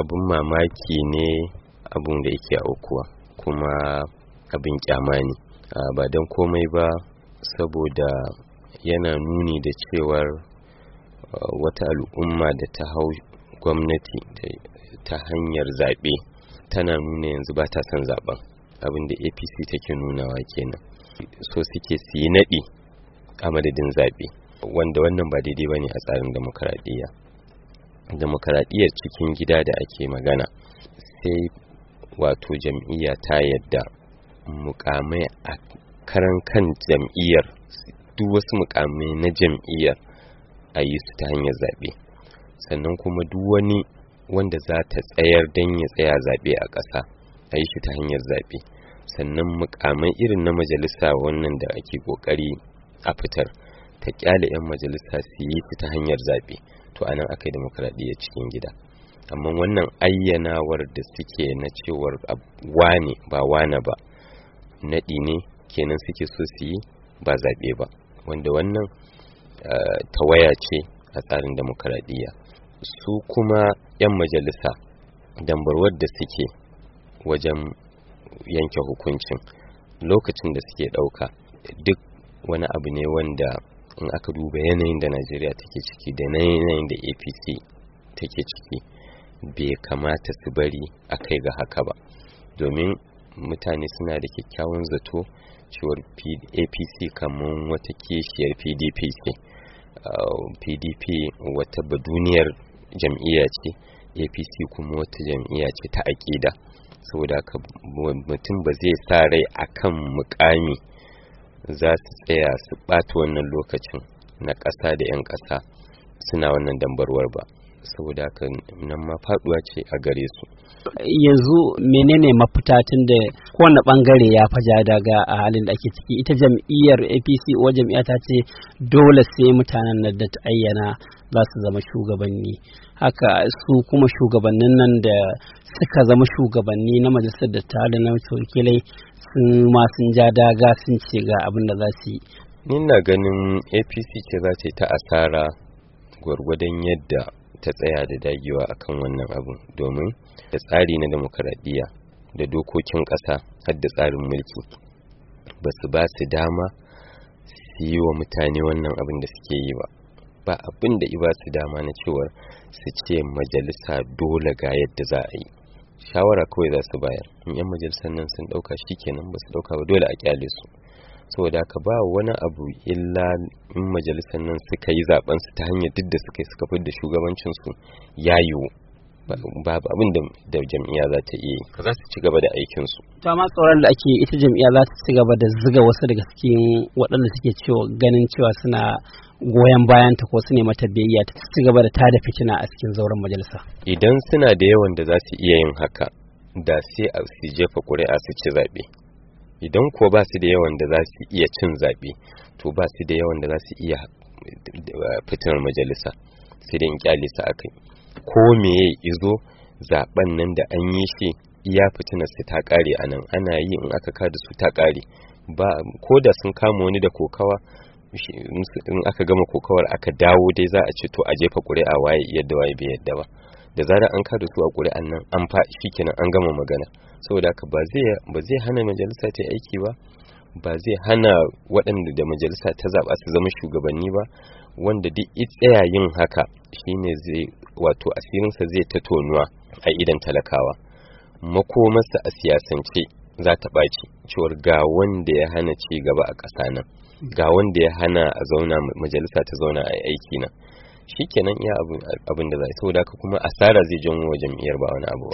abin mamaki ne abin da yake aukuwa kuma abin kyama ne ba don komai ba saboda yana nuni da cewar wata al'umma da ta hau gwamnati ta hanyar zaɓe tana nuna yanzu ba ta son zaɓen abin da apc take nunawa kenan so suke su yi naɗi a madadin zaɓe wanda wannan ba daidai ba ne a tsarin demokaradiyya demokaradiyyar cikin gida da ake magana sai wato jam'iyya ta yadda mukamai a karan kan jam'iyyar duk wasu mukamai na jam'iyyar a yi su ta hanyar zaɓe sannan kuma duk wani wanda za ta tsayar don ya tsaya zaɓe a ƙasa a yi shi ta hanyar zaɓe sannan mukamai irin na majalisa wannan da ake ƙoƙari a fitar ta kyale 'yan majalisa su yi ta hanyar zaɓe to anan aka yi demokradiyya cikin gida amma wannan ayyanawar da suke na cewar wane ba wane ba naɗi ne kenan suke so su yi ba zaɓe ba wanda wannan eh, ta waya ce a tsarin demokradiyya su kuma 'yan majalisa dambarwar da suke wajen yanke hukuncin lokacin da suke ɗauka duk wani abu ne wanda in aka duba yanayin da najeriya take ciki da yanayin da apc take ciki bai kamata su bari a kai ga haka ba domin mutane suna da kyakkyawan zato cewar apc kamar wata kishiyar pdp ce pdp uh, wata duniyar jam'iyya ce apc kuma wata jam'iyya ce ta aƙida saboda mutum ba zai sa rai akan mukami za su tsaya su ɓata wannan lokacin na ƙasa da 'yan ƙasa suna wannan dambarwar ba saboda haka nan ma faduwa ce a gare su yanzu menene mafita tun da kowane bangare ya faja daga a halin da ake ciki ita jam'iyyar apc o jam'iyya ta ce dole sai mutanen da ta ayyana za su zama shugabanni haka su kuma shugabannin nan da suka zama shugabanni na majalisar da ta da na wakilai in ma sun ja daga sun ce ga abin da za su yi ni na ganin apc ce za ta yi ta asara gwargwadon yadda ta tsaya da dagewa akan wannan abin domin da tsari na demokaradiyya da dokokin ƙasa har da tsarin mulki ba su ba su dama su yi wa mutane wannan abin da suke yi ba ba abin da ba su dama na cewar su ce majalisa dole ga yadda za a yi shawara kawai za su bayar in yan majalisar nan sun dauka shi ba su dauka ba dole a kyale su saboda haka ba wani abu illa in majalisar nan suka yi zaben su ta hanyar duk da suka yi suka fi shugabancin su ya yiwu babu abin da jam'iyya za ta iya za su ci gaba da aikin su to tsoron da ake ita jam'iyya za ta ci gaba da ziga wasu daga cikin waɗanda suke cewa ganin cewa suna goyon bayan ta ko su ne mata biyayya ta ci gaba da tada fitina a cikin zauren majalisa idan suna da yawan da za su iya yin haka da sai a su jefa ƙuri'a su ci zaɓe idan kuwa ba su da yawan da za su iya cin zaɓe to ba su da yawan da za su iya eh, fitinar majalisa sai dai in kyale su akai ko me ya izo zaben nan da an yi shi iya fitinar su ta kare a nan ana yi in aka kada su ta kare ba ko da sun kama wani da kokawa in aka gama kokawar aka dawo dai za a ce to a jefa ƙuri'a waye yadda waye bai yadda ba da zarar an kada su a ƙuri'an nan an fa shikenan an gama magana saboda haka ba zai ba zai hana majalisa ta aiki ba ba zai hana waɗanda da majalisa ta zaɓa su zama shugabanni ba wanda duk tsaya yin haka shine zai wato asirinsa zai ta tonuwa a idan talakawa makomarsa a siyasance za ta ɓaci cewar ga wanda ya hana ci gaba a ƙasa nan ga wanda ya hana a zauna majalisa ta zauna a aiki nan kenan iya abin da za a saboda kuma asara zai janwo wa jam'iyyar ba wani abu